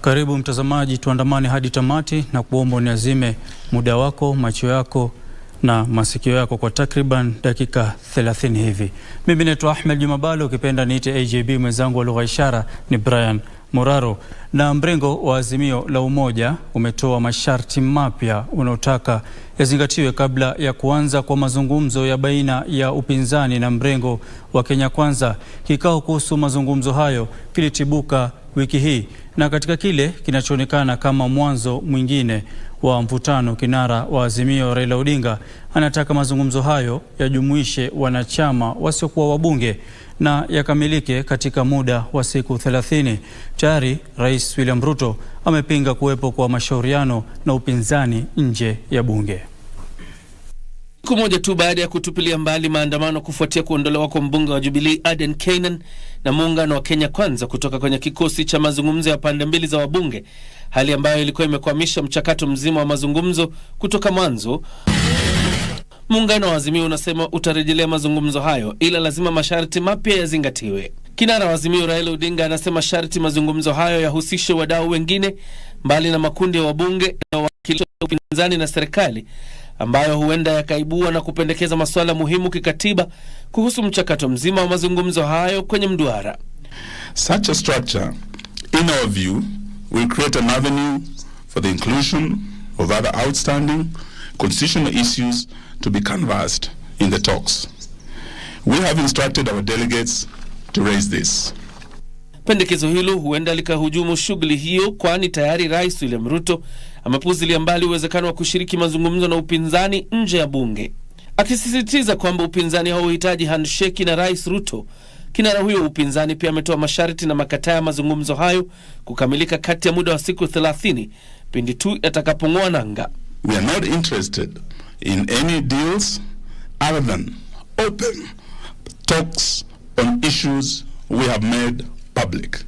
Karibu mtazamaji, tuandamane hadi tamati na kuomba uniazime muda wako, macho yako na masikio yako kwa takriban dakika 30 hivi. Mimi naitwa Ahmed Jumabalo, ukipenda niite AJB, mwenzangu wa lugha ishara ni Brian Moraro. Na mrengo wa Azimio la Umoja umetoa masharti mapya unaotaka yazingatiwe kabla ya kuanza kwa mazungumzo ya baina ya upinzani na mrengo wa Kenya Kwanza. Kikao kuhusu mazungumzo hayo kilitibuka wiki hii na katika kile kinachoonekana kama mwanzo mwingine wa mvutano, kinara wa Azimio Raila Odinga anataka mazungumzo hayo yajumuishe wanachama wasiokuwa wabunge na yakamilike katika muda wa siku thelathini Tayari Rais William Ruto amepinga kuwepo kwa mashauriano na upinzani nje ya bunge. Siku moja tu baada ya kutupilia mbali maandamano kufuatia kuondolewa kwa mbunge wa Jubilee Aden Canan na muungano wa Kenya Kwanza kutoka kwenye kikosi cha mazungumzo ya pande mbili za wabunge, hali ambayo ilikuwa imekwamisha mchakato mzima wa mazungumzo kutoka mwanzo. Muungano wa Azimio unasema utarejelea mazungumzo hayo, ila lazima masharti mapya yazingatiwe. Kinara wa Azimio Raila Odinga anasema sharti mazungumzo hayo yahusishe wadau wengine mbali na makundi ya wabunge na wawakilishi wa upinzani na serikali ambayo huenda yakaibua na kupendekeza masuala muhimu kikatiba kuhusu mchakato mzima wa mazungumzo hayo kwenye mduara. Such a structure, in our view, will create an avenue for the inclusion of other outstanding constitutional issues to be canvassed in the talks. We have instructed our delegates to raise this. Pendekezo hilo huenda likahujumu shughuli hiyo, kwani tayari Rais William Ruto amepuzilia mbali uwezekano wa kushiriki mazungumzo na upinzani nje ya bunge, akisisitiza kwamba upinzani hauhitaji handsheki na Rais Ruto. Kinara huyo upinzani pia ametoa masharti na makataa ya mazungumzo hayo kukamilika kati ya muda wa siku 30 pindi tu yatakapong'oa nanga. We are not interested in any deals other than open talks on issues we have made public.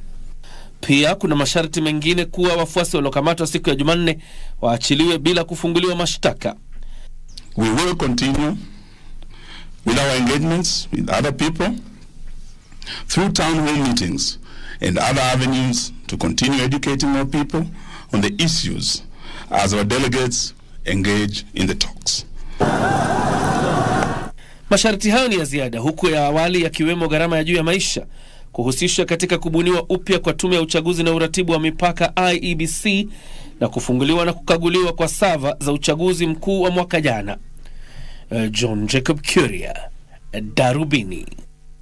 Pia kuna masharti mengine kuwa wafuasi waliokamatwa siku ya Jumanne waachiliwe bila kufunguliwa mashtaka. We will continue with our engagements with other people through town hall meetings and other avenues to continue educating our people on the issues as our delegates engage in the talks. Masharti hayo ni ya ziada huku ya awali yakiwemo gharama ya juu ya maisha kuhusishwa katika kubuniwa upya kwa tume ya uchaguzi na uratibu wa mipaka IEBC na kufunguliwa na kukaguliwa kwa sava za uchaguzi mkuu wa mwaka jana. Eh, John Jacob Kuria, Darubini.